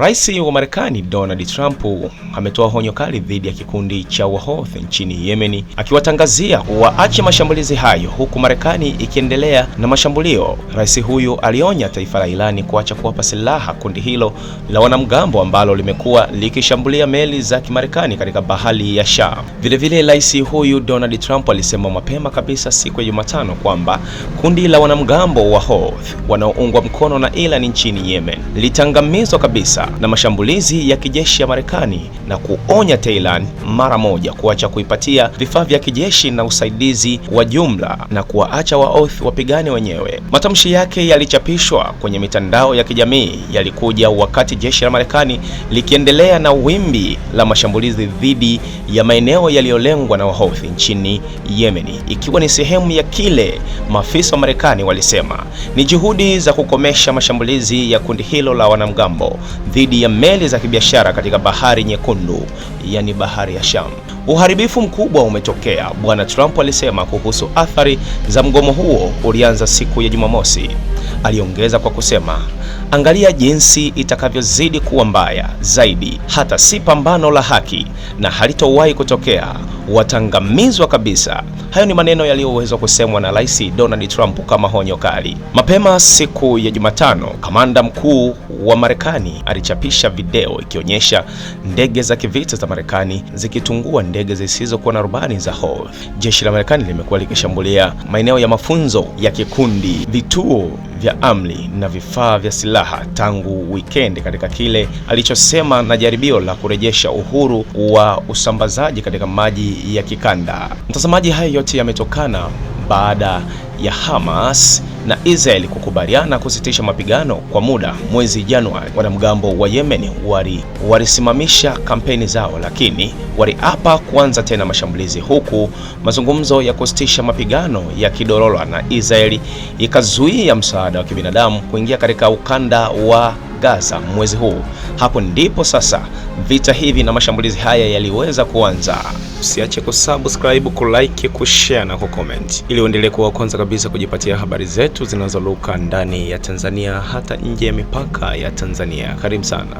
Rais wa Marekani Donald Trump ametoa honyo kali dhidi ya kikundi cha Wahouth nchini Yemen, akiwatangazia waache mashambulizi hayo, huku Marekani ikiendelea na mashambulio. Rais huyu alionya taifa la Irani kuacha kuwapa silaha kundi hilo la wanamgambo ambalo limekuwa likishambulia meli za Kimarekani katika bahari ya Shamu. Vilevile, rais huyu Donald Trump alisema mapema kabisa siku ya Jumatano kwamba kundi la wanamgambo Wahouth wanaoungwa mkono na Iran nchini Yemen litangamizwa kabisa na mashambulizi ya kijeshi ya Marekani na kuonya Thailand mara moja kuacha kuipatia vifaa vya kijeshi na usaidizi wa jumla na kuwaacha Waoth wapigane wenyewe. Matamshi yake yalichapishwa kwenye mitandao ya kijamii, yalikuja wakati jeshi la Marekani likiendelea na wimbi la mashambulizi dhidi ya maeneo yaliyolengwa na Wahouthi nchini Yemeni, ikiwa ni sehemu ya kile maafisa wa Marekani walisema ni juhudi za kukomesha mashambulizi ya kundi hilo la wanamgambo dhidi ya meli za kibiashara katika bahari nyekundu, yani bahari ya Sham. Uharibifu mkubwa umetokea, Bwana Trump alisema kuhusu athari za mgomo huo ulianza siku ya Jumamosi. Aliongeza kwa kusema, angalia jinsi itakavyozidi kuwa mbaya zaidi, hata si pambano la haki na halitowahi kutokea watangamizwa kabisa. Hayo ni maneno yaliyoweza kusemwa na Rais Donald Trump kama honyo kali. Mapema siku ya Jumatano, kamanda mkuu wa Marekani alichapisha video ikionyesha ndege za kivita za Marekani zikitungua ndege zisizokuwa na rubani za Houthi. Jeshi la Marekani limekuwa likishambulia maeneo ya mafunzo ya kikundi, vituo vya amli na vifaa vya silaha tangu weekend katika kile alichosema na jaribio la kurejesha uhuru wa usambazaji katika maji ya kikanda. Mtazamaji, haya yote yametokana baada ya Hamas na Israel kukubaliana kusitisha mapigano kwa muda mwezi Januari. Wanamgambo wa Yemen wali walisimamisha kampeni zao, lakini waliapa kuanza tena mashambulizi, huku mazungumzo ya kusitisha mapigano yakidorora na Israeli ikazuia msaada wa kibinadamu kuingia katika ukanda wa Gaza mwezi huu. Hapo ndipo sasa vita hivi na mashambulizi haya yaliweza kuanza. Usiache kusubscribe, kulike, kushare na kucomment ili uendelee kuwa kwanza kabisa kujipatia habari zetu zinazoruka ndani ya Tanzania hata nje ya mipaka ya Tanzania. Karibu sana.